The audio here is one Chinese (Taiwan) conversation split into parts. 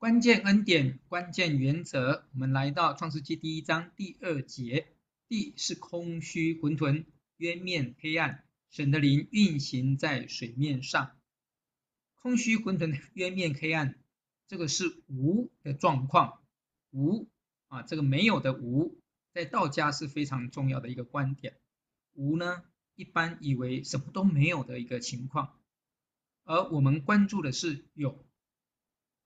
關鍵恩典，關鍵原則。我們來到創世紀第一章第二節，地是空虛混沌，淵面黑暗，神的靈運行在水面上。空虛混沌，淵面黑暗，這個是無的狀況。無啊，這個沒有的無，在道家是非常重要的一個觀點。無呢，一般以為什麼都沒有的一個情況，而我們關注的是有。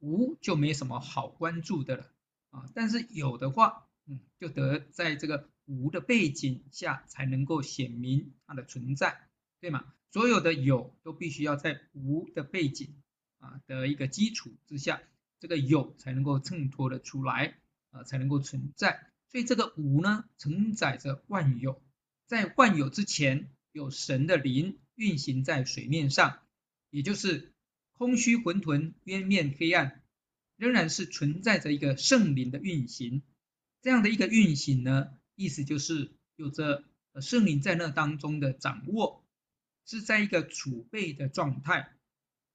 無就沒什麼好關注的了啊，但是有的話，嗯，就得在這個無的背景下才能夠顯明它的存在，對嗎？所有的有都必須要在無的背景啊的一個基礎之下，這個有才能夠襯托得出來啊，才能夠存在。所以這個無呢，承載着萬有，在萬有之前，有神的靈運行在水面上，也就是。空虛混沌，淵面黑暗，仍然是存在着一個聖靈的運行。這樣的一個運行呢，意思就是有着聖靈在那當中的掌握，是在一個儲備的狀態。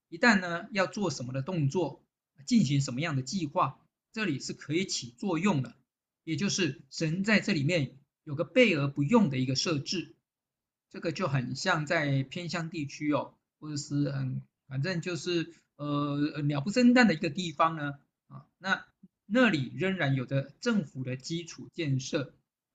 一旦呢要做什麼的動作，進行什麼樣的計劃，這裡是可以起作用的。也就是神在這裡面有個備而不用的一個設置，這個就很像在偏鄉地區哦，或者是很。反正就是呃鳥不生蛋的一個地方呢啊，那那裡仍然有着政府的基礎建設，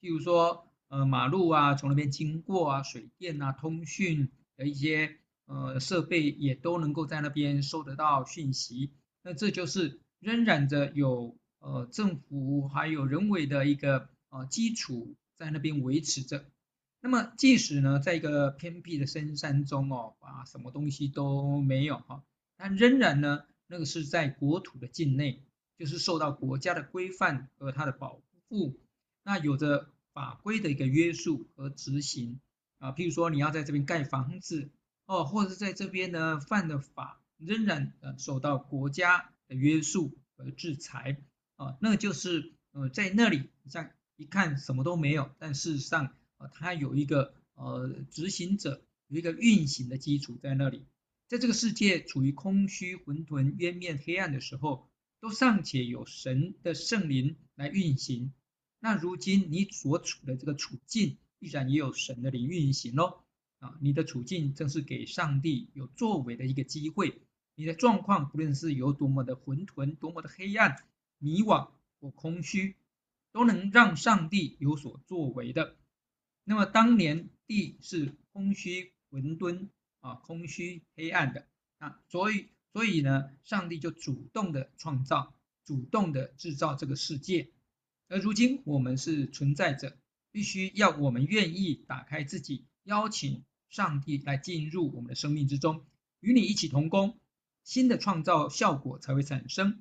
譬如說呃馬路啊從那邊經過啊，水電啊通訊的一些呃設備也都能夠在那邊收得到訊息，那這就是仍然的有呃政府還有人為的一個呃基礎在那邊維持着。那麼，即使呢，在一個偏僻的深山中哦啊，什麼東西都沒有哈，但仍然呢，那個是在國土的境內，就是受到國家的規範和它的保護，那有着法規的一個約束和執行啊。譬如說，你要在這邊蓋房子哦，啊，或者是在這邊呢犯了法，仍然呃受到國家的約束和制裁啊。那就是呃，在那裡你像一看什麼都沒有，但事實上。它有一個呃執行者，有一個運行的基礎在那裡。在這個世界處於空虛、混沌、淵面、黑暗的時候，都尚且有神的聖靈來運行。那如今你所處的這個處境，依然也有神的靈運行哦。啊，你的處境正是給上帝有作為的一個機會。你的狀況，不論是有多麼的混沌、多麼的黑暗、迷惘或空虛，都能讓上帝有所作為的。那麼當年地是空虛混沌啊，空虛黑暗的啊，所以所以呢，上帝就主動的創造，主動的製造這個世界。而如今我們是存在者，必須要我們願意打開自己，邀請上帝來進入我們的生命之中，與你一起同工，新的創造效果才會產生。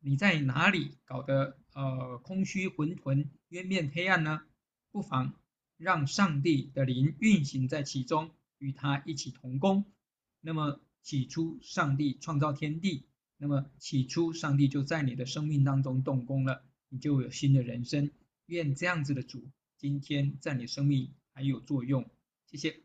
你在哪裡搞得呃空虛混沌、淵面黑暗呢？不妨。讓上帝的靈運行在其中，與他一起同工。那麼起初上帝創造天地，那麼起初上帝就在你的生命當中動工了，你就有新的人生。願這樣子的主今天在你生命還有作用。謝謝。